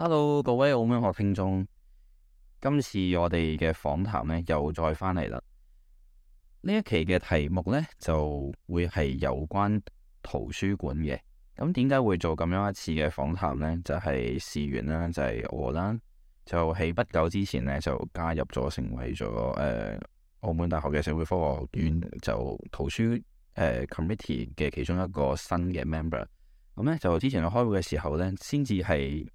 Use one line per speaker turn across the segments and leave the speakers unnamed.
Hello，各位澳門學聽眾，今次我哋嘅訪談咧又再翻嚟啦。呢一期嘅題目咧就會係有關圖書館嘅。咁點解會做咁樣一次嘅訪談呢就係、是、事源啦，就係我啦。就喺不久之前咧就加入咗，成為咗誒、呃、澳門大學嘅社會科學院就圖書誒、呃、committee 嘅其中一個新嘅 member。咁咧就之前我開會嘅時候咧，先至係。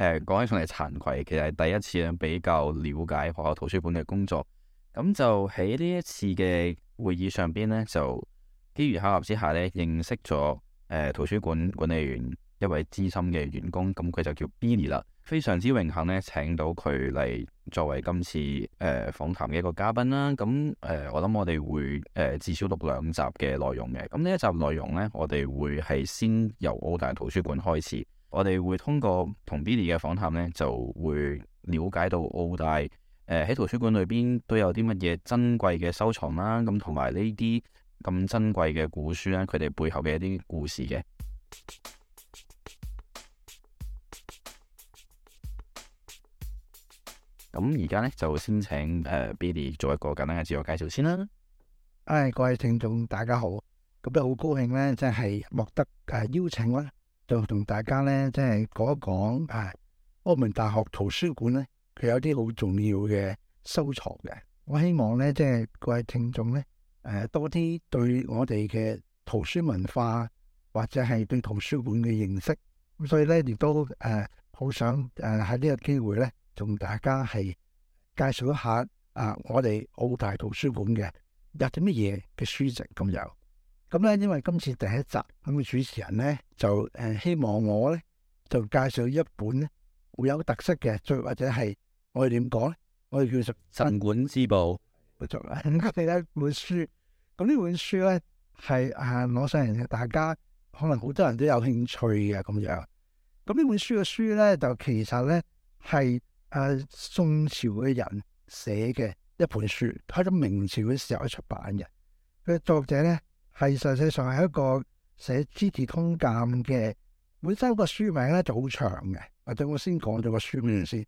誒，講起上嚟慚愧，其實係第一次比較了解學校圖書館嘅工作。咁就喺呢一次嘅會議上邊咧，就機緣巧合之下咧，認識咗誒、呃、圖書館管理員一位資深嘅員工，咁佢就叫 Billy 啦。非常之榮幸咧，請到佢嚟作為今次誒、呃、訪談嘅一個嘉賓啦。咁誒、呃，我諗我哋會誒、呃、至少錄兩集嘅內容嘅。咁呢一集內容咧，我哋會係先由澳大圖書館開始。我哋會通過同 Billy 嘅訪談呢，就會了解到澳大誒喺、呃、圖書館裏邊都有啲乜嘢珍貴嘅收藏啦、啊，咁同埋呢啲咁珍貴嘅古書啦，佢哋背後嘅一啲故事嘅。咁而家呢，就先請誒 Billy 做一個簡單嘅自我介紹先啦。唉、
哎，各位聽眾大家好，咁都好高興咧，真係獲得誒、呃、邀請啦。就同大家咧，即係講一講啊，澳門大學圖書館咧，佢有啲好重要嘅收藏嘅。我希望咧，即係各位聽眾咧，誒多啲對我哋嘅圖書文化或者係對圖書館嘅認識。咁所以咧，亦都誒好想誒喺呢個機會咧，同大家係介紹一下啊，我哋澳大圖書館嘅有啲乜嘢嘅書籍咁有。咁咧，因為今次第一集咁嘅主持人咧，就誒希望我咧就介紹一本咧會有特色嘅，最或者係我哋點講咧，我哋叫做《鎮館之寶》，冇錯啦。呢本書，咁呢本書咧係啊攞上嚟，大家可能好多人都有興趣嘅咁樣。咁呢本書嘅書咧，就其實咧係誒宋朝嘅人寫嘅一本書，喺咗明朝嘅時候出版嘅。佢作者咧。係實際上係一個寫《資治通鑑》嘅本身個書名咧就好長嘅，或者我先講咗個書名先，因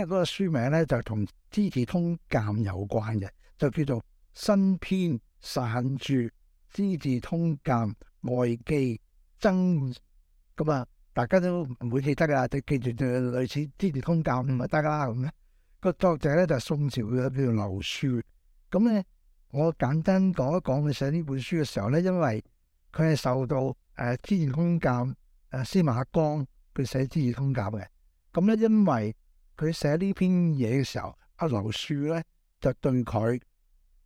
為嗰個書名咧就同《資治通鑑》有關嘅，就叫做《新編纂註資治通鑑外紀增》咁啊，大家都唔會記得㗎啦，就記住就類似《資治通鑑》咪得㗎啦，咁、那、啊個作者咧就係宋朝嘅叫做劉恕，咁咧。我簡單講一講佢寫呢本書嘅時候咧，因為佢係受到誒、呃《資治通鑑》誒、呃、司馬光佢寫資《資治通鑑》嘅，咁咧因為佢寫呢篇嘢嘅時候，阿劉樹咧就對佢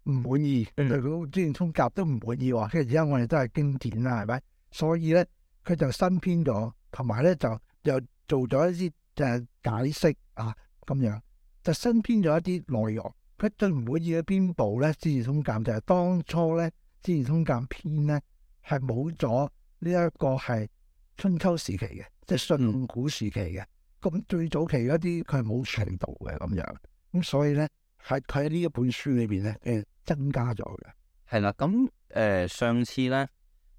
唔滿意，嗯、對佢《資治通鑑》都唔滿意、哦。其實而家我哋都係經典啦，係咪？所以咧，佢就新編咗，同埋咧就又做咗一啲誒、啊、解釋啊，咁樣就新編咗一啲內容。佢最唔滿意嘅邊部咧，《資治通鑑》就係、是、當初咧，《資治通鑑》編，咧係冇咗呢一個係春秋時期嘅，即、就、係、是、信古時期嘅。咁最早期嗰啲佢係冇存到嘅咁樣。咁所以咧，係佢喺呢一本書裏邊咧，誒增加咗嘅。
係啦，咁誒、呃、上次咧，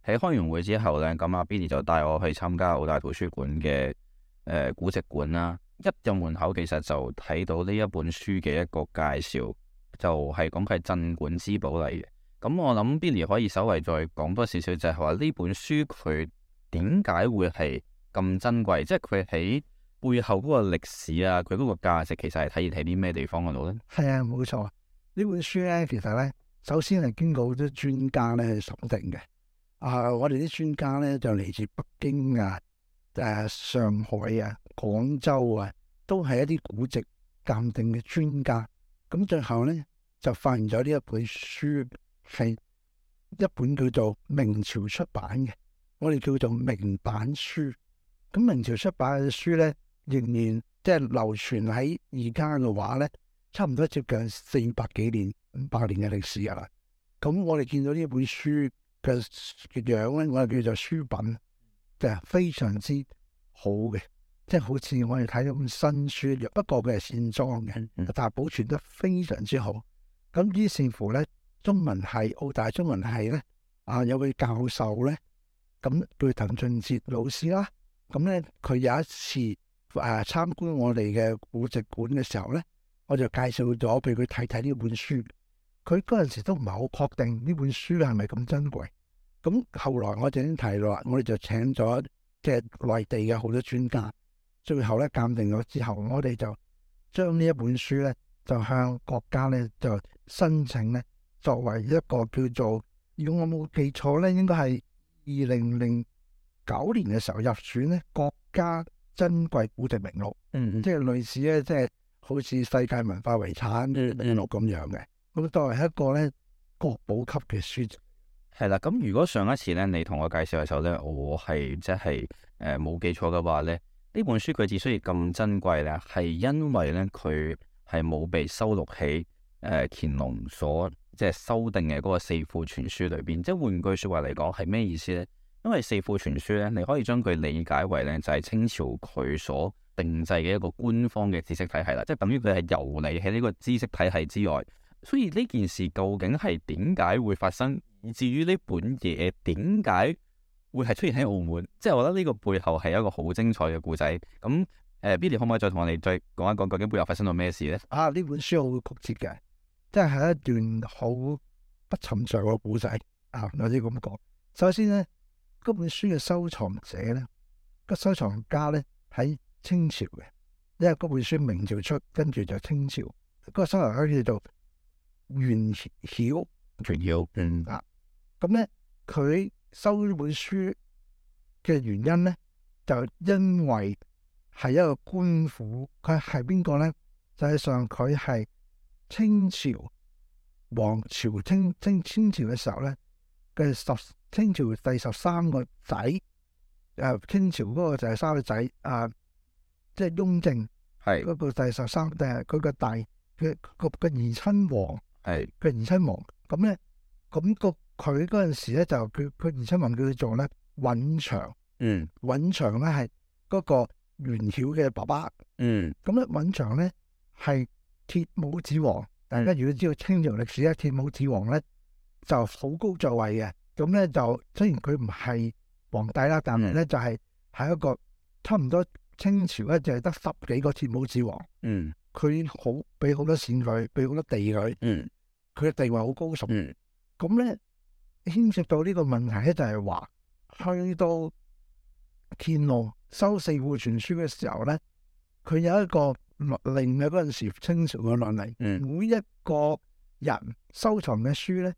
喺開完會之後咧，咁阿 Billy 就帶我去參加澳大圖書館嘅誒、呃、古籍館啦。一入門口，其實就睇到呢一本書嘅一個介紹，就係講係鎮館之寶嚟嘅。咁我諗 Billy 可以稍微再講多少少，就係話呢本書佢點解會係咁珍貴？即係佢喺背後嗰個歷史啊，佢嗰個價值其實係體現喺啲咩地方嗰度咧？
係啊，冇錯，呢本書咧其實咧，首先係經過好多專家咧去審定嘅。啊、呃，我哋啲專家咧就嚟自北京啊。誒，上海啊，廣州啊，都係一啲古籍鑒定嘅專家。咁最後咧，就發現咗呢一本書係一本叫做明朝出版嘅，我哋叫做明版書。咁明朝出版嘅書咧，仍然即係流傳喺而家嘅話咧，差唔多接近四百幾年，五百年嘅歷史啦。咁我哋見到呢本書嘅嘅樣咧，我哋叫做書品。就非常之好嘅，即、就、係、是、好似我哋睇咗咁新書一樣，不過佢係線裝嘅，但係保存得非常之好。咁於是乎咧，中文系澳大中文系咧，啊有位教授咧，咁對滕俊哲老師啦，咁咧佢有一次誒參觀我哋嘅古籍館嘅時候咧，我就介紹咗俾佢睇睇呢本書，佢嗰陣時候都唔係好確定呢本書係咪咁珍貴。咁後來我頭先提到，我哋就請咗即係內地嘅好多專家，最後咧鑑定咗之後，我哋就將呢一本書咧就向國家咧就申請咧作為一個叫做，如果我冇記錯咧，應該係二零零九年嘅時候入選咧國家珍貴古籍名錄、嗯，即係類似咧即係好似世界文化遺產名錄咁樣嘅，咁作為一個咧國寶級嘅書。
係啦，咁如果上一次咧，你同我介紹嘅時候咧，我係即係誒冇記錯嘅話咧，呢本書佢之所以咁珍貴咧，係因為咧佢係冇被收錄喺誒、呃、乾隆所即係修訂嘅嗰個四庫全書裏邊。即係換句說話嚟講，係咩意思咧？因為四庫全書咧，你可以將佢理解為咧就係、是、清朝佢所定制嘅一個官方嘅知識體系啦。即係等於佢係游離喺呢個知識體系之外。所以呢件事究竟係點解會發生？而至於呢本嘢點解會係出現喺澳門？即係我覺得呢個背後係一個好精彩嘅故仔。咁誒，Billy 可唔可以再同我哋再講一講究竟背後發生咗咩事咧？
啊！呢本書好曲折嘅，即係係一段好不尋常嘅故仔啊！有啲咁講。首先咧，嗰本書嘅收藏者咧，個收藏家咧喺清朝嘅，因為嗰本書明朝出，跟住就清朝。個收藏家叫做袁曉，袁曉，嗯咁咧，佢收呢本書嘅原因咧，就因為係一個官府。佢係邊個咧？實、就、際、是、上佢係清朝皇朝清，清清清朝嘅時候咧嘅十清朝第十三個仔。誒、啊，清朝嗰個就係三個仔啊，即、就、係、是、雍正係嗰個第十三，第佢個大，佢個個怡親王佢個怡親王。咁咧是，咁、那個。佢嗰陣時咧就佢佢袁春文叫佢做咧允祥，嗯，允祥咧係嗰個袁曉嘅爸爸，嗯，咁咧允祥咧係鐵帽子王，嗯、大家如果知道清朝歷史咧，鐵帽子王咧就好高爵位嘅，咁咧就雖然佢唔係皇帝啦，但係咧、嗯、就係係一個差唔多清朝咧就係得十幾個鐵帽子王，嗯，佢好俾好多錢佢，俾好多地佢，嗯，佢嘅地位好高崇，咁咧、嗯。牽涉到呢個問題咧，就係話去到乾隆收四庫全書嘅時候咧，佢有一個律令嘅嗰陣時清朝嘅律例，嗯、每一個人收藏嘅書咧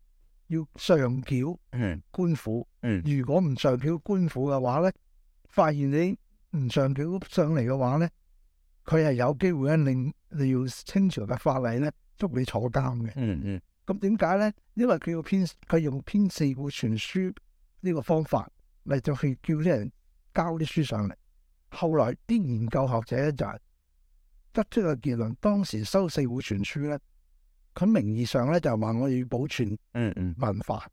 要上繳、嗯、官府。嗯、如果唔上繳官府嘅話咧，發現你唔上繳上嚟嘅話咧，佢係有機會咧令你要清朝嘅法例咧捉你坐監嘅、嗯。嗯嗯。咁點解咧？因為佢要編，佢用編四庫全書呢個方法嚟，就去叫啲人交啲書上嚟。後來啲研究學者咧就得出個結論：當時收四庫全書咧，佢名義上咧就話我哋要保存嗯嗯文化，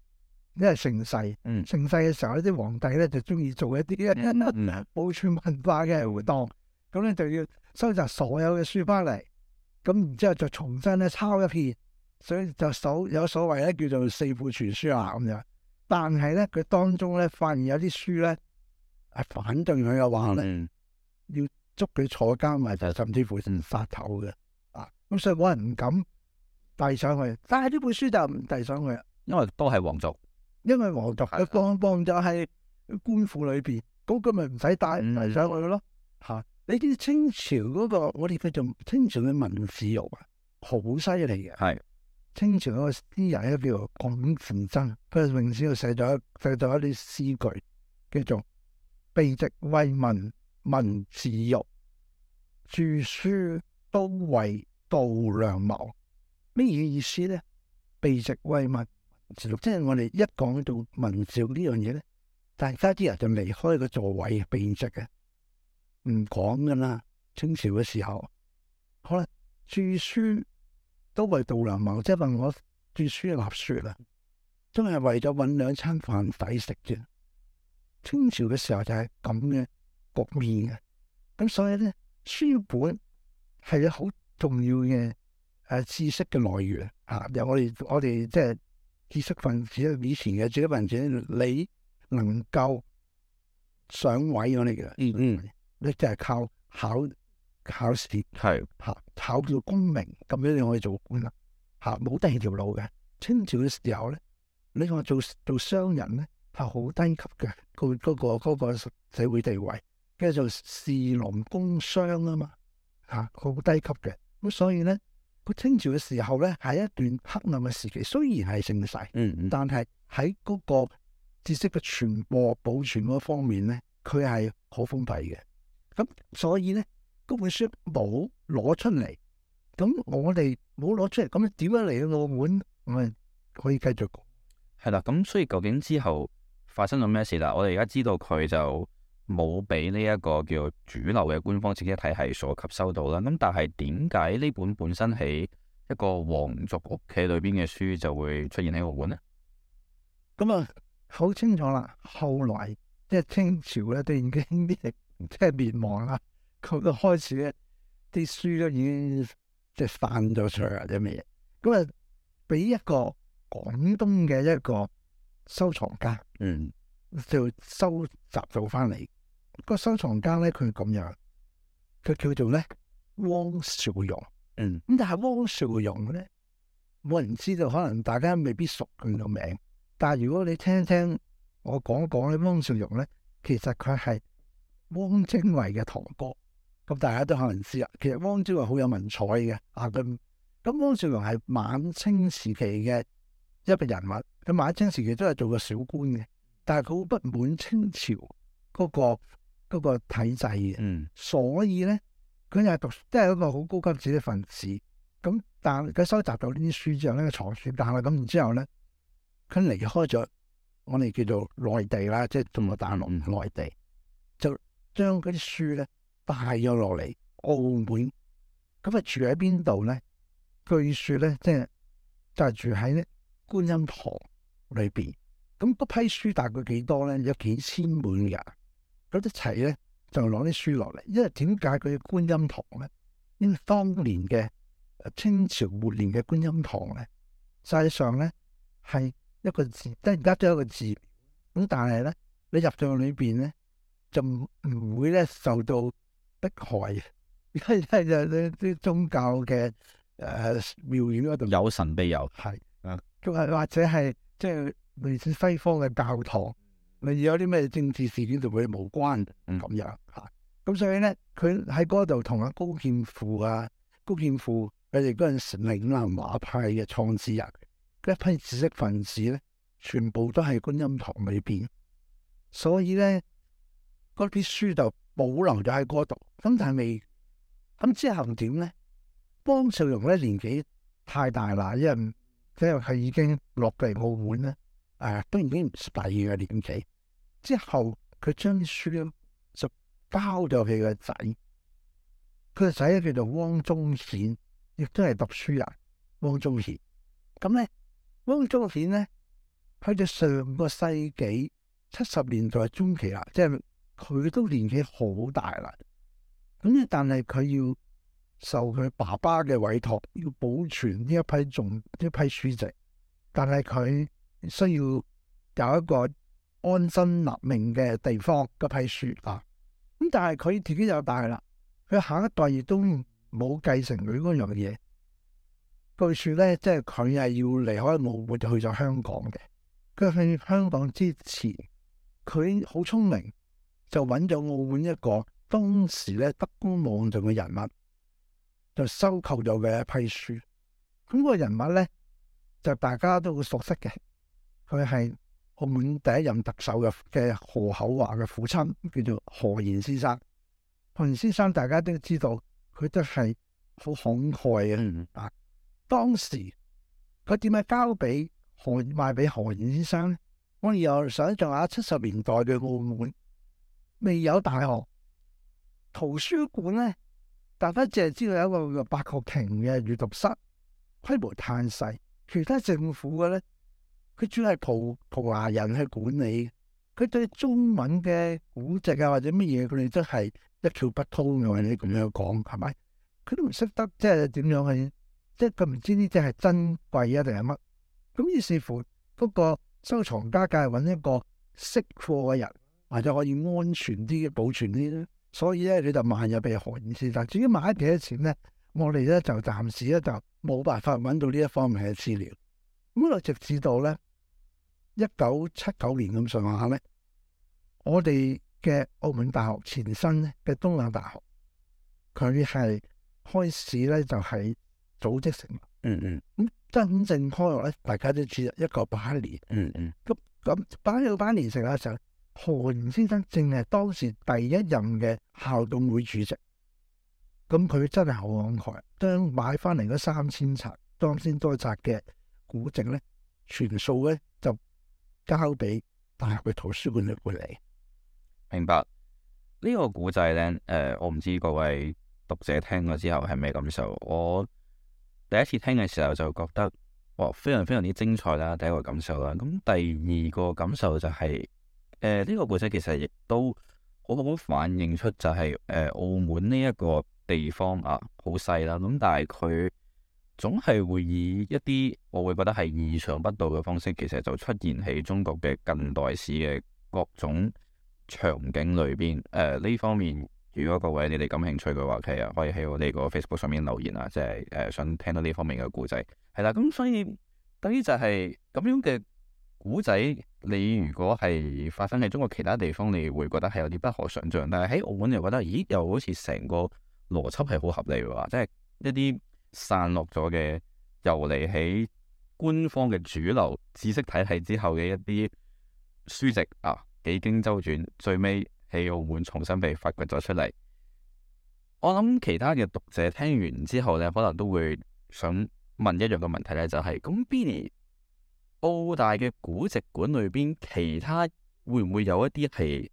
因為盛世嗯盛世嘅時候咧，啲皇帝咧就中意做一啲保存文化嘅活動，咁咧就要收集所有嘅書翻嚟，咁然之後就重新咧抄一遍。所以就所有所謂咧，叫做四庫全書啊咁樣。但係咧，佢當中咧發現有啲書咧係反對佢嘅話咧，嗯、要捉佢坐監埋，就甚至乎殺頭嘅。嗯、啊，咁所以冇人唔敢遞上去。但係呢本書就唔遞上去啦，
因為都係皇族。
因為皇族，佢放放就係官府裏邊，嗰、那個咪唔使帶嚟、嗯、上去咯。嚇、啊！你見清朝嗰、那個，我哋叫做清朝嘅文字獄啊，好犀利嘅。係。清朝嗰啲人咧叫做龔自珍，佢係明朝寫咗寫咗啲詩句，叫做避席畏聞文字獄，著書都為稻粱謀。咩意思咧？避席畏聞，即係我哋一講到文字獄呢樣嘢咧，大家啲人就離開個座位，避席嘅，唔講噶啦。清朝嘅時候，好啦，著書。都為稻粱謀，即係話我讀書立說啦，都係為咗搵兩餐飯抵食啫。清朝嘅時候就係咁嘅局面嘅，咁所以咧，書本係有好重要嘅，誒、啊、知識嘅來源啊。由我哋我哋即係知識分子，以前嘅知識分子，你能夠上位我哋嘅，嗯，你、嗯、就係、靠考。考試係吓考到功名咁樣，你可以做官啦吓，冇第二條路嘅。清朝嘅時候咧，你話做做商人咧係好低級嘅，佢、嗰個、嗰個、嗰個嗰個嗰個社會地位，跟住做士農工商啊嘛吓，好低級嘅。咁所以咧，佢清朝嘅時候咧係一段黑暗嘅時期，雖然係盛世，嗯，嗯，但係喺嗰個知識嘅傳播保存嗰方面咧，佢係好封閉嘅。咁所以咧。嗰本書冇攞出嚟，咁我哋冇攞出嚟，咁點樣嚟到澳門？我哋可以繼續講。
係啦，咁所以究竟之後發生咗咩事啦？我哋而家知道佢就冇俾呢一個叫主流嘅官方知識體系所吸收到啦。咁但係點解呢本本身喺一個皇族屋企裏邊嘅書就會出現喺澳門呢？
咁啊，好清楚啦。後來即係、就是、清朝咧，突然間即係滅亡啦。佢都開始咧，啲書都已經即係翻咗出嚟或者咩嘢，咁啊俾一個廣東嘅一個收藏家，嗯，就收集到翻嚟。個收藏家咧佢咁樣，佢叫做咧汪兆鏞，嗯。咁但係汪兆鏞咧，冇人知道，可能大家未必熟佢個名。但係如果你聽一聽我講一講咧汪兆鏞咧，其實佢係汪精衛嘅堂哥。咁大家都可能知啦，其實汪兆鏞係好有文采嘅啊佢，咁汪兆鏞係晚清時期嘅一個人物，佢晚清時期都係做過小官嘅，但係佢好不滿清朝嗰個嗰個體制嘅，嗯，所以咧佢又讀，即係一個好高級知識分子，咁但佢收集到呢啲書之後咧，佢藏書但啦，咁然之後咧，佢離開咗我哋叫做內地啦，即係中國大陸內地，就將嗰啲書咧，帶咗落嚟澳門，咁啊住喺邊度咧？據說咧，即係就係、住喺咧觀音堂裏邊。咁嗰批書大概幾多咧？有幾千本噶。咁一齊咧就攞啲書落嚟，因為點解佢嘅觀音堂咧？因為當年嘅清朝末年嘅觀音堂咧，實際上咧係一個字，即係而家都有一個字。咁但係咧，你入到去裏邊咧，就唔唔會咧受到。迫害，即係就啲宗教嘅誒廟宇嗰度，呃、有神秘有係，仲係是、嗯、或者係即係類似西方嘅教堂，例如有啲咩政治事件同佢無關咁樣吓，咁、嗯、所以咧佢喺嗰度同阿高劍父啊、高劍父佢哋嗰陣時嶺南畫派嘅創始人，一批知識分子咧，全部都係觀音堂裏邊，所以咧嗰啲書就。保留就喺嗰度，咁但係未，咁之後點咧？汪兆鏞咧年紀太大啦，因為即係佢已經落嚟澳門啦，誒、呃，都已經唔細嘅年紀。之後佢將書就交咗佢個仔，佢個仔叫做汪宗衍，亦都係讀書人，汪宗衍。咁咧，汪宗衍咧去到上個世紀七十年代中期啦，即係。佢都年紀好大啦，咁但係佢要受佢爸爸嘅委託，要保存呢一批仲呢一批書籍，但係佢需要有一個安身立命嘅地方嗰批書啊。咁但係佢自己就大啦，佢下一代亦都冇繼承佢嗰樣嘢。據說咧，即係佢係要離開澳門去咗香港嘅。佢去香港之前，佢好聰明。就揾咗澳門一個當時咧德高望重嘅人物，就收購咗嘅一批書。咁、那、嗰個人物咧就大家都會熟悉嘅，佢係澳門第一任特首嘅嘅何厚鏵嘅父親,叫做何賢先生。何賢先生大家都知道，佢都係好慷慨嘅。啊，當時佢點解交俾何賣俾何賢先生咧？我哋又想象下七十年代嘅澳門。未有大學圖書館咧，大家淨係知道有一個叫八角亭嘅閲讀室，規模太細。其他政府嘅咧，佢主要係葡，葡萄牙人去管理，佢對中文嘅古籍啊或者乜嘢，佢哋都係一竅不通嘅，或者咁樣講係咪？佢都唔識得即係點樣嘅，即係佢唔知呢啲係珍貴啊定係乜。咁於是乎，嗰、那個收藏家梗係揾一個識貨嘅人，或者可以安全啲保存啲，所以咧你就賣咗俾何先生。但至於買幾多錢咧，我哋咧就暫時咧就冇辦法揾到呢一方面嘅資料。咁我直至到咧一九七九年咁上下咧，我哋嘅澳門大學前身咧嘅東亞大學，佢係開始咧就係組織成立。嗯嗯。咁真正開學咧，大家都知道一九八一年。嗯
嗯。
咁咁八六年食嘅年時候。何賢先生正係當時第一任嘅校董會主席，咁佢真係好慷慨，將買翻嚟嗰三千冊《當先多集》嘅古籍咧，全數咧就交俾大學嘅圖書館去
管理。明白、這個、呢個古仔咧，誒、呃，我唔知各位讀者聽咗之後係咩感受。我第一次聽嘅時候就覺得，哇，非常非常之精彩啦，第一個感受啦。咁第二個感受就係、是。誒，呢個故仔其實亦都好好反映出就係誒澳門呢一個地方啊，好細啦。咁但係佢總係會以一啲我會覺得係意想不到嘅方式，其實就出現喺中國嘅近代史嘅各種場景裏邊。誒，呃，呢方面如果各位你哋感興趣嘅話，其實可以喺我哋個 Facebook 上面留言啊，即係誒想聽到呢方面嘅故仔。係啦，咁所以等於就係咁樣嘅。古仔，你如果係發生喺中國其他地方，你會覺得係有啲不可想象。但係喺澳門又覺得，咦，又好似成個邏輯係好合理㗎，即係一啲散落咗嘅，遊離喺官方嘅主流知識體系之後嘅一啲書籍啊，幾經周轉，最尾喺澳門重新被發掘咗出嚟。我諗其他嘅讀者聽完之後咧，可能都會想問一樣嘅問題咧，就係、是，咁 Billy 澳大嘅古籍館裏邊，其他會唔會有一啲係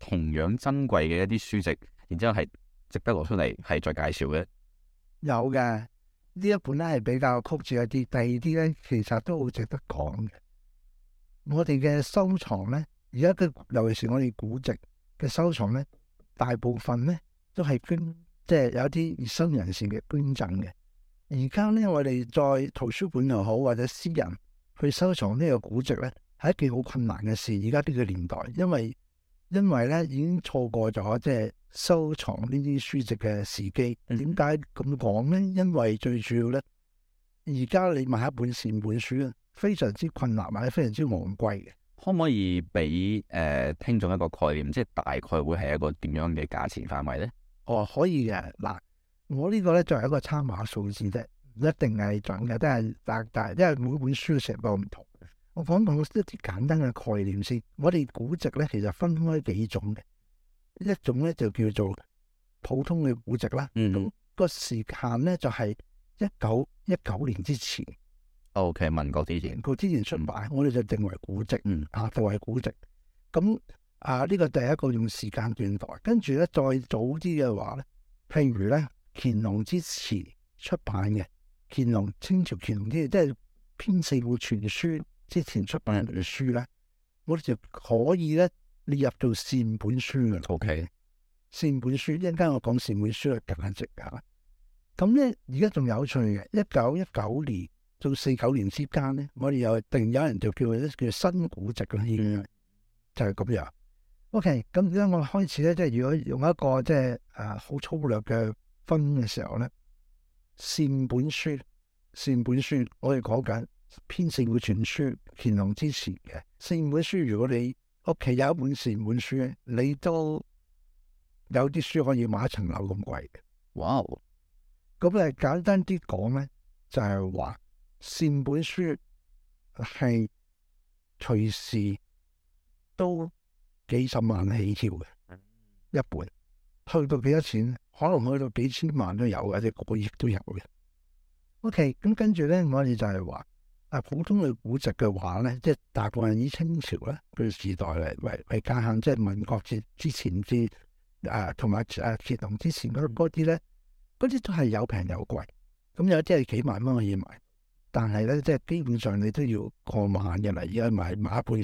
同樣珍貴嘅一啲書籍，然之後係值得攞出嚟係再介紹嘅？
有嘅，呢一本咧係比較曲折一啲，第二啲咧其實都好值得講嘅。我哋嘅收藏咧，而家嘅尤其是我哋古籍嘅收藏咧，大部分咧都係捐，即係有啲熱心人士嘅捐贈嘅。而家咧我哋在圖書館又好或者私人。去收藏呢個古籍咧，係一件好困難嘅事。而家呢個年代，因為因為咧已經錯過咗，即係收藏呢啲書籍嘅時機。點解咁講咧？因為最主要咧，而家你買一本善本書咧，非常之困難，買非常之昂貴嘅。
可唔可以俾誒、呃、聽眾一個概念，即係大概會係一個點樣嘅價錢範圍咧？哦，可以嘅。嗱，
我個呢個咧作為一個參考數字啫。唔一定係準嘅，都係大。但大大，因為每本書嘅成部唔同。我講到一啲簡單嘅概念先。我哋古籍咧，其實分開幾種嘅，一種咧就叫做普通嘅古籍啦。嗯哼。咁個時限咧就係一九一九年之前。O K，民國之前。民國之前出版，嗯、我哋就定為古籍。嗯。啊，作為古籍。咁啊，呢、這個第一個用時間斷代，跟住咧再早啲嘅話咧，譬如咧乾隆之前出版嘅。乾隆、清朝乾隆啲即係編四部全書之前出版嘅書咧，我哋就可以咧，列入到善本書嘅。OK. 善本書一陣間我講善本書啊，夾一截啦。咁咧，而家仲有趣嘅，一九一九年到四九年之間咧，我哋又定有人就叫佢叫，叫新古籍嘅嘢啦，就係咁樣。O K. 咁而家我開始咧，即係如果用一個即係誒好粗略嘅分嘅時候咧。善本書，善本書，我哋講緊編成個全書乾隆之前嘅善本書。如果你屋企有一本善本書咧，你都有啲書可以買一層樓咁貴嘅。哇！咁咧簡單啲講咧，就係話善本書係隨時都幾十萬起跳嘅一本，去到幾多錢？可能去到幾千萬都有，或者過億都有嘅。OK，咁跟住咧，我哋就係話，啊，普通嘅古籍嘅話咧，即係大部分以清朝咧嘅時代嚟，為為界限，即係民國之前、啊啊、節之前至，啊，同埋啊乾隆之前嗰啲咧，嗰啲都係有平有貴，咁有啲係幾萬蚊可以買，但係咧即係基本上你都要過萬嘅啦。而家買買一本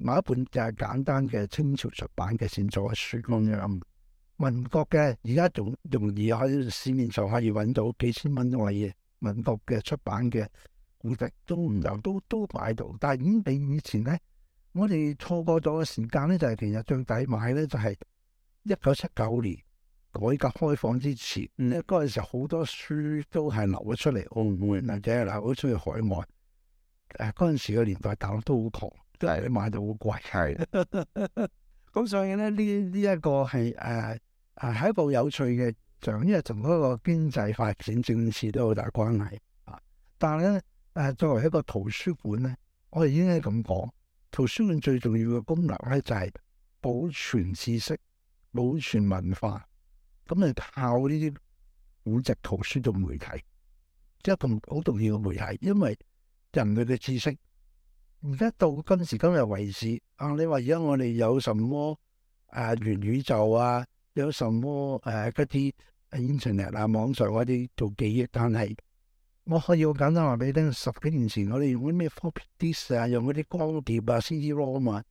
買一本嘅簡單嘅清朝出版嘅線裝書咁樣。民國嘅而家仲容易，喺市面上可以揾到幾千蚊嘅嘢，民國嘅出版嘅古籍都唔有，都都，都買到。但係已經比以前咧，我哋錯過咗嘅時間咧，就係、是、其實最抵買咧就係一九七九年改革開放之前，因為嗰時好多書都係流咗出嚟，澳門或者流咗出去海外。誒，嗰陣時嘅年代大陸都好窮，即係買到好貴。係，咁所以咧呢呢一個係誒。啊啊，係一部有趣嘅象，因為同嗰個經濟發展、政治都好大關係。啊，但係咧，誒、啊、作為一個圖書館咧，我哋應該咁講，圖書館最重要嘅功能咧就係、是、保存知識、保存文化。咁你靠呢啲古籍圖書做媒體，即係同好重要嘅媒體，因為人類嘅知識，而家到今時今日為止，啊，你話而家我哋有什麼啊，元宇宙啊？有什麼誒嗰啲 internet 啊、網上嗰啲做記憶，但係我可以好簡單話俾你聽，十幾年前我哋用嗰啲咩 photodisc 啊，用嗰啲光碟啊、CD-ROM 啊，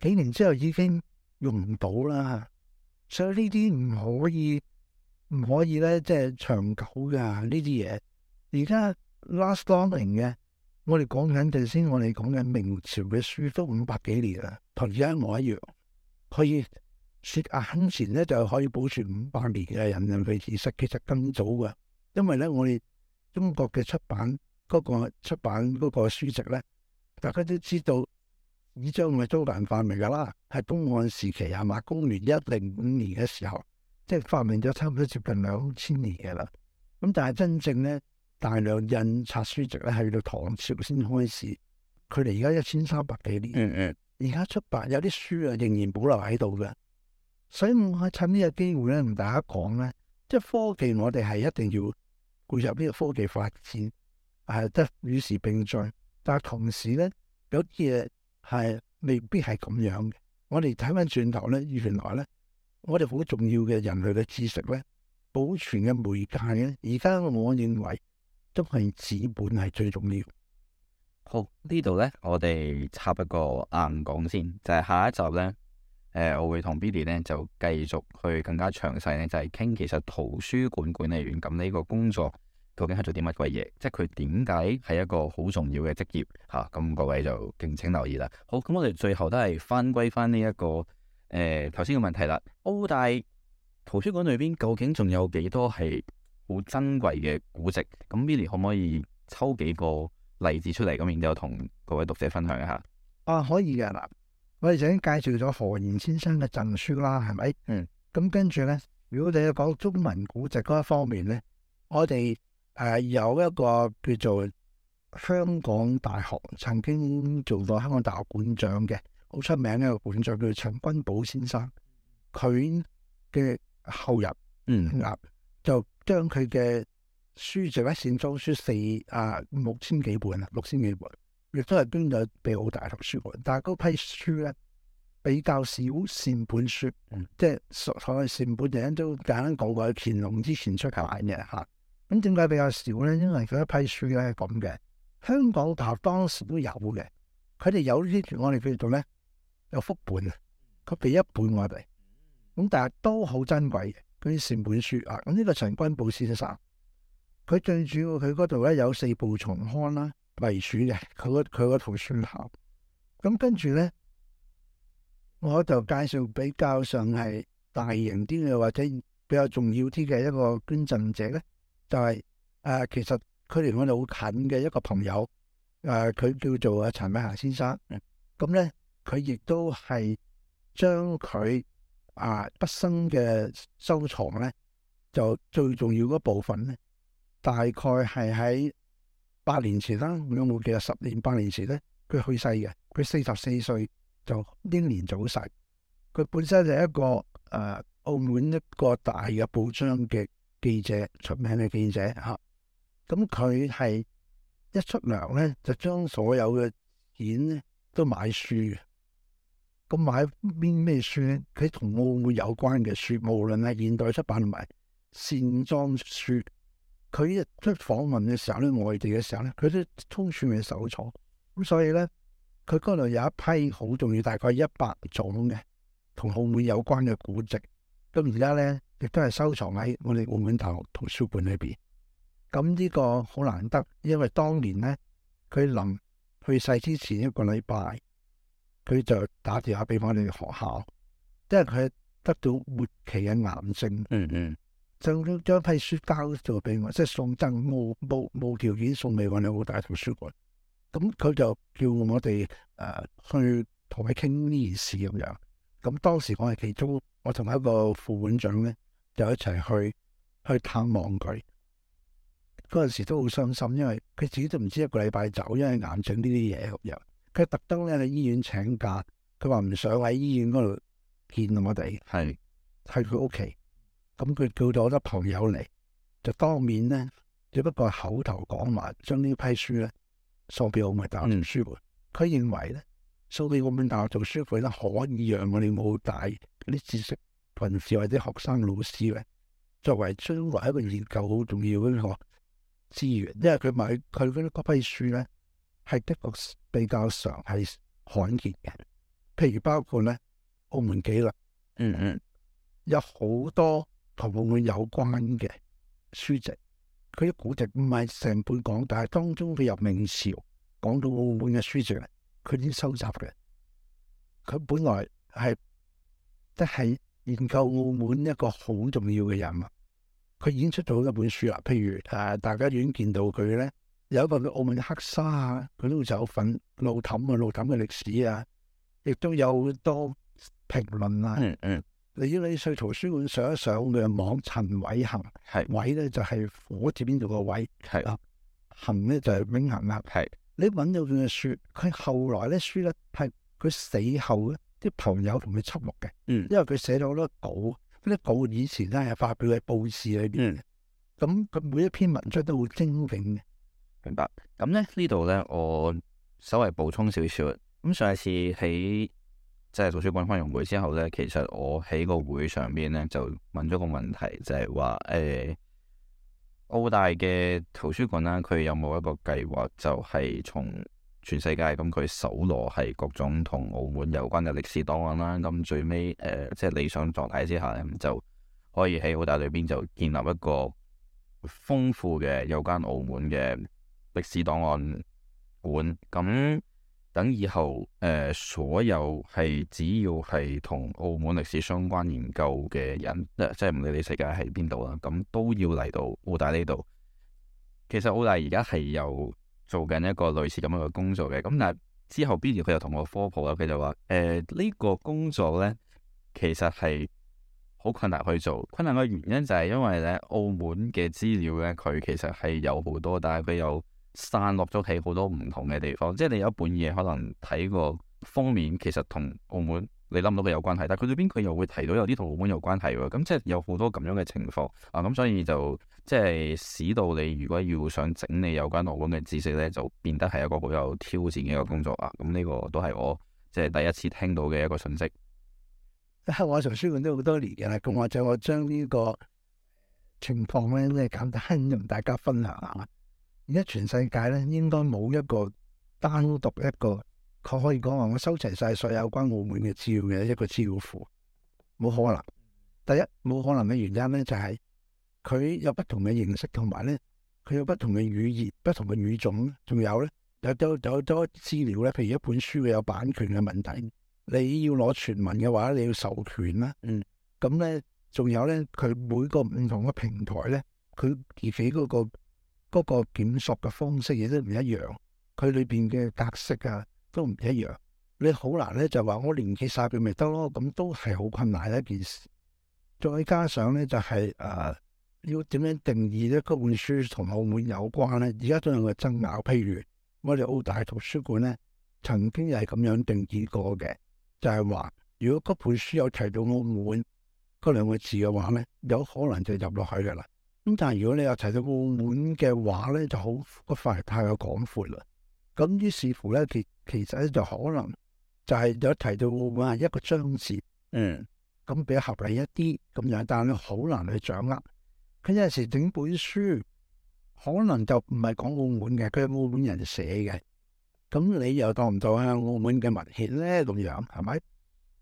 幾年之後已經用唔到啦。所以呢啲唔可以，唔可以咧，即係長久嘅呢啲嘢。而家 last longing 嘅，我哋講緊頭先，我哋講緊明朝嘅書都五百幾年啦，同而家我一樣可以。雪阿亨前咧就可以保存五百年嘅人文知識，其實更早嘅，因為咧我哋中國嘅出版嗰、那個出版個書籍咧，大家都知道，紙張係東晉發明噶啦，係東漢時期係、啊、嘛，公元一零五年嘅時候，即係發明咗，差唔多接近兩千年嘅啦。咁但係真正咧大量印刷書籍咧，係到唐朝先開始，佢哋而家一千三百幾年，而家 出版有啲書啊仍然保留喺度嘅。所以我趁呢個機會咧，同大家講咧，即係科技，我哋係一定要配合呢個科技發展，係得與時並進。但係同時咧，有啲嘢，係未必係咁樣嘅。我哋睇翻轉頭咧，原來咧，我哋好重要嘅人類嘅知識咧，保存嘅媒介咧，而家我認為都係紙本係最重要。
好，呢度咧，我哋插一個硬廣先，就係下一集咧。誒、呃，我會同 Billy 咧，就繼續去更加詳細咧，就係、是、傾其實圖書館管理員咁呢個工作究竟係做啲乜鬼嘢，即係佢點解係一個好重要嘅職業吓。咁、啊、各位就敬請留意啦。好，咁我哋最後都係翻歸翻呢一個誒頭先嘅問題啦。澳、哦、大圖書館裏邊究竟仲有幾多係好珍貴嘅古籍？咁 Billy 可唔可以抽幾個例子出嚟，咁，然之後同各位讀者分享一下？
啊，可以嘅嗱。我哋前啱介紹咗何賢先生嘅贈書啦，係咪？嗯。咁、嗯、跟住咧，如果你要講中文古籍嗰一方面咧，我哋誒、呃、有一個叫做香港大學曾經做過香港大學館長嘅，好出名嘅一個館長叫陳君寶先生，佢嘅後人嗯啊就將佢嘅書籍一線裝書四啊六千幾本啊，六千幾本。亦都係捐咗俾澳大圖書館，但係嗰批書咧比較少善本書，嗯、即係所所謂善本，人都簡單講過，係乾隆之前出刊嘅吓。咁點解比較少咧？因為佢一批書咧係咁嘅，香港大學當時都有嘅，佢哋有啲，我哋叫做咩？有複本,本啊，佢俾一本我哋，咁但係都好珍貴嘅嗰啲善本書啊。咁呢個陳君寶先生，佢最主要佢嗰度咧有四部重刊啦。啊為主嘅，佢個佢個圖書咁跟住咧，我就介紹比較上係大型啲嘅或者比較重要啲嘅一個捐贈者咧，就係、是、誒、呃，其實佢離我哋好近嘅一個朋友，誒、呃，佢叫做阿陳煒恆先生。咁、嗯、咧，佢亦都係將佢啊畢生嘅收藏咧，就最重要嗰部分咧，大概係喺。八年前啦，我有冇記啊？十年、八年前咧，佢去世嘅，佢四十四歲就英年早逝。佢本身就係一個誒、呃、澳門一個大嘅報章嘅記者，出名嘅記者吓。咁佢係一出糧咧，就將所有嘅錢，咧都買書。咁買邊咩書咧？佢同澳門有關嘅書，無論係現代出版同埋線裝書。佢一出訪問嘅時候咧，外地嘅時候咧，佢都充算係首座，咁所以咧，佢嗰度有一批好重要，大概一百種嘅同澳門有關嘅古籍，咁而家咧亦都係收藏喺我哋澳門大學圖書館裏邊。咁、這、呢個好難得，因為當年咧，佢臨去世之前一個禮拜，佢就打電話俾翻我哋學校，因為佢得到末期嘅癌症。嗯嗯。就將批書交咗俾我，即係送贈，冇無無條件送俾我哋澳大圖書館。咁佢就叫我哋誒、呃、去同佢傾呢件事咁樣。咁當時我係其中，我同一個副館長咧就一齊去去探望佢。嗰陣時都好傷心，因為佢自己都唔知一個禮拜走，因為癌症呢啲嘢入。佢特登咧喺醫院請假，佢話唔想喺醫院嗰度見我哋，係去佢屋企。咁佢叫咗我啲朋友嚟，就當面咧，只不過口頭講話，將呢批書咧送俾澳門大學圖書館。佢、嗯、認為咧，送俾澳門大學圖書館咧，可以讓我哋澳大啲知識人士或者學生老師咧，作為將來一個研究好重要嗰個資源。因為佢買佢嗰批書咧，係的確比較常係罕見嘅。譬如包括咧，澳門紀律，嗯嗯，有好多。同澳門有關嘅書籍，佢啲古籍唔係成本講，但係當中佢由明朝講到澳門嘅書籍，佢已經收集嘅，佢本來係即係研究澳門一個好重要嘅人物，佢已經出咗一本書啦。譬如誒，大家已經見到佢咧，有一個澳門黑沙啊，佢都就有份路氹啊，路氹嘅歷史啊，亦都有好多評論啊。嗯嗯。你去圖書館上一上嘅網，陳煒恆。係煒咧就係、是、火字邊度個煒，係是啊，恒咧就係永恒啦，係是。你揾到佢嘅書，佢後來咧書咧係佢死後咧啲朋友同佢輯錄嘅。嗯，因為佢寫咗好多稿，啲稿以前咧係發表喺報紙裏邊。嗯，咁佢每一篇文章都好精明嘅。
明白。咁咧呢度咧我稍微補充少少，咁上一次喺。即係圖書館開完會之後呢，其實我喺個會上邊呢，就問咗個問題，就係話誒澳大嘅圖書館啦，佢有冇一個計劃，就係從全世界咁佢搜羅係各種同澳門有關嘅歷史檔案啦。咁、嗯、最尾誒、呃，即係理想狀態之下咧，就可以喺澳大裏邊就建立一個豐富嘅有關澳門嘅歷史檔案館咁。嗯嗯等以後，誒、呃、所有係只要係同澳門歷史相關研究嘅人，即係唔理你世界喺邊度啦，咁都要嚟到澳大呢度。其實澳大而家係有做緊一個類似咁樣嘅工作嘅，咁但係之後 Billy 佢又同我科普啦，佢就話誒呢個工作呢，其實係好困難去做。困難嘅原因就係因為呢澳門嘅資料呢，佢其實係有好多，但係佢有，散落咗喺好多唔同嘅地方，即係你有本嘢可能睇個封面，其實同澳門你諗唔到佢有關係，但係佢裏邊佢又會提到有啲同澳門有關係喎，咁即係有好多咁樣嘅情況啊！咁所以就即係使到你如果要想整理有關澳門嘅知識咧，就變得係一個好有挑戰嘅一個工作啊！咁、嗯、呢個都係我即係、就是、第一次聽到嘅一個信息。
我做書本都好多年嘅啦，咁我就我將呢個情況咧，即係簡單同大家分享下。而家全世界咧，應該冇一個單獨一個，佢可，可以講話我收齊晒所有關澳門嘅資料嘅一個資料庫，冇可能。第一冇可能嘅原因咧，就係、是、佢有不同嘅形式，同埋咧佢有不同嘅語言、不同嘅語種，仲有咧有多有多資料咧。譬如一本書會有版權嘅問題，你要攞全文嘅話，你要授權啦。嗯，咁咧仲有咧，佢每個唔同嘅平台咧，佢自己嗰個。嗰個檢索嘅方式，亦都唔一樣，佢裏邊嘅格式啊，都唔一樣。你好難咧，就話我連結晒佢咪得咯，咁都係好困難一件事。再加上咧，就係、是、你、呃、要點樣定義咧？嗰本書同澳門有關咧，而家都有個爭拗。譬如我哋澳大圖書館咧，曾經又係咁樣定義過嘅，就係、是、話如果嗰本書有提到澳門嗰兩個字嘅話咧，有可能就入落去嘅啦。咁但係如果你又提到澳門嘅話咧，就好嗰塊太有廣闊啦。咁於是乎咧，其其實咧就可能就係有提到澳門係一個章節，嗯，咁比較合理一啲咁樣。但係咧好難去掌握，佢有陣時整本書可能就唔係講澳門嘅，佢係澳門人寫嘅。咁你又當唔當啊澳門嘅文獻咧咁樣，係咪？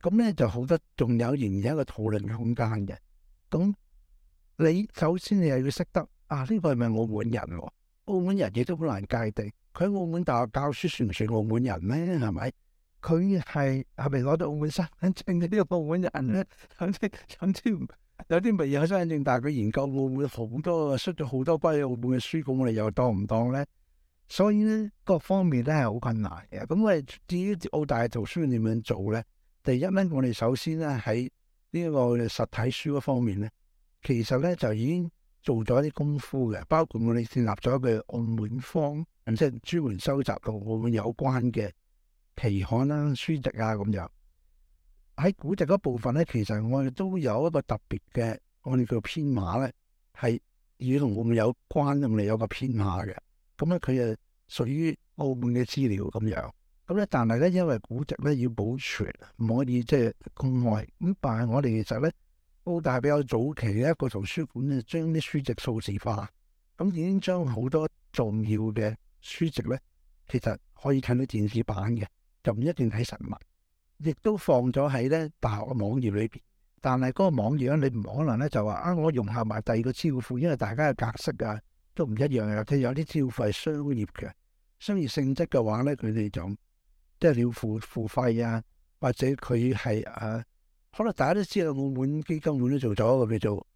咁咧就好多仲有仍然一個討論空間嘅，咁。你首先你又要識得啊呢個係咪澳門人？澳門人亦都好難界定。佢喺澳門大學教書，算唔算澳門人咧？係咪？佢係係咪攞到澳門身份證呢啲澳門人咧？總之總之有啲咪有身份證，但係佢研究澳門好多，出咗好多關於澳門嘅書，咁我哋又當唔當咧？所以咧，各方面都係好困難嘅。咁我哋至於澳大圖書館點樣做咧？第一咧，我哋首先咧喺呢個實體書嗰方面咧。其實咧就已經做咗一啲功夫嘅，包括我哋建立咗一個澳門方，即係專門收集同澳門有關嘅期刊啦、啊、書籍啊咁樣。喺古籍嗰部分咧，其實我哋都有一個特別嘅，我哋叫編碼咧，係與同澳門有關我哋有個編碼嘅。咁咧佢誒屬於澳門嘅資料咁樣。咁咧但係咧，因為古籍咧要保存，唔可以即係公開。咁但係我哋其實咧。澳大比較早期嘅一個圖書館咧，將啲書籍數字化，咁已經將好多重要嘅書籍咧，其實可以睇到電視版嘅，就唔一定睇實物。亦都放咗喺咧大學嘅網頁裏邊，但係嗰個網頁咧，你唔可能咧就話啊，我融合埋第二個資料庫，因為大家嘅格式啊都唔一樣嘅。即係有啲資料庫係商業嘅，商業性質嘅話咧，佢哋就即係你要付付費啊，或者佢係啊。可能大家都知道，澳門基金會都做咗個叫做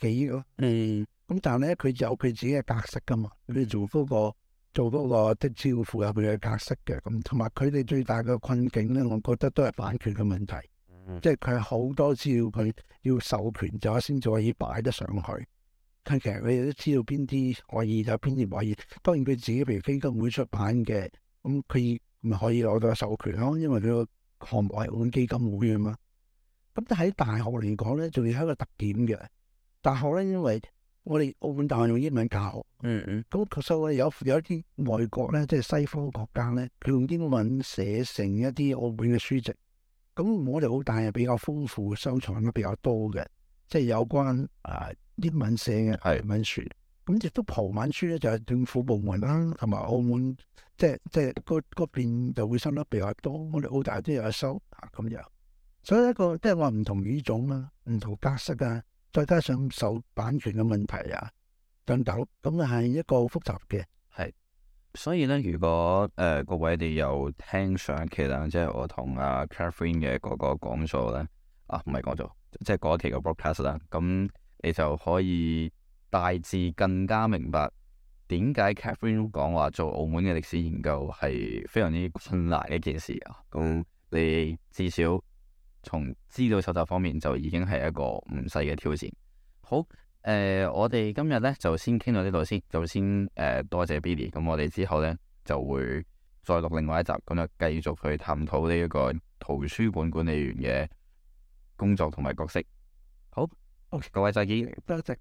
記憶嘅，嗯，咁、嗯嗯、但係咧佢有佢自己嘅格式噶嘛，佢做嗰個做嗰個啲照庫入邊嘅格式嘅，咁同埋佢哋最大嘅困境咧，我覺得都係版權嘅問題，嗯、即係佢好多資料，佢要授權咗先至可以擺得上去，但係其實你都知道邊啲可以就邊啲可以，當然佢自己譬如基金會出版嘅，咁佢咪可以攞到授權咯，因為佢個項目係澳門基金會啊嘛。咁喺大學嚟講咧，仲要係一個特點嘅。大學咧，因為我哋澳門大學用英文教，嗯嗯，咁確實我哋有有一啲外國咧，即係西方國家咧，佢用英文寫成一啲澳門嘅書籍。咁我哋澳大係比較豐富，收藏得比較多嘅，即係有關啊英文寫嘅英文書。咁亦是都葡文書咧，就係政府部門啦、啊，同埋澳門即係即係嗰邊就會收得比較多。我哋澳大都有收啊，咁樣。所以一個即係話唔同語種啊，唔同格式啊，再加上受版權嘅問題啊等等，咁係一個複雜嘅。
係，所以咧，如果誒、呃、各位你有聽上一期啦，即係我同阿、啊、Catherine 嘅嗰個講座咧，啊唔係講座，即係嗰期嘅 broadcast 啦，咁你就可以大致更加明白點解 Catherine 講話做澳門嘅歷史研究係非常之困難一件事啊。咁、嗯、你至少。從資料蒐集方面就已經係一個唔細嘅挑戰。好，誒、呃，我哋今日咧就先傾到呢度先，就先誒、呃、多謝 Billy。咁我哋之後咧就會再錄另外一集，咁就繼續去探討呢一個圖書館管理員嘅工作同埋角色。好，OK, 各位再見，多謝,謝。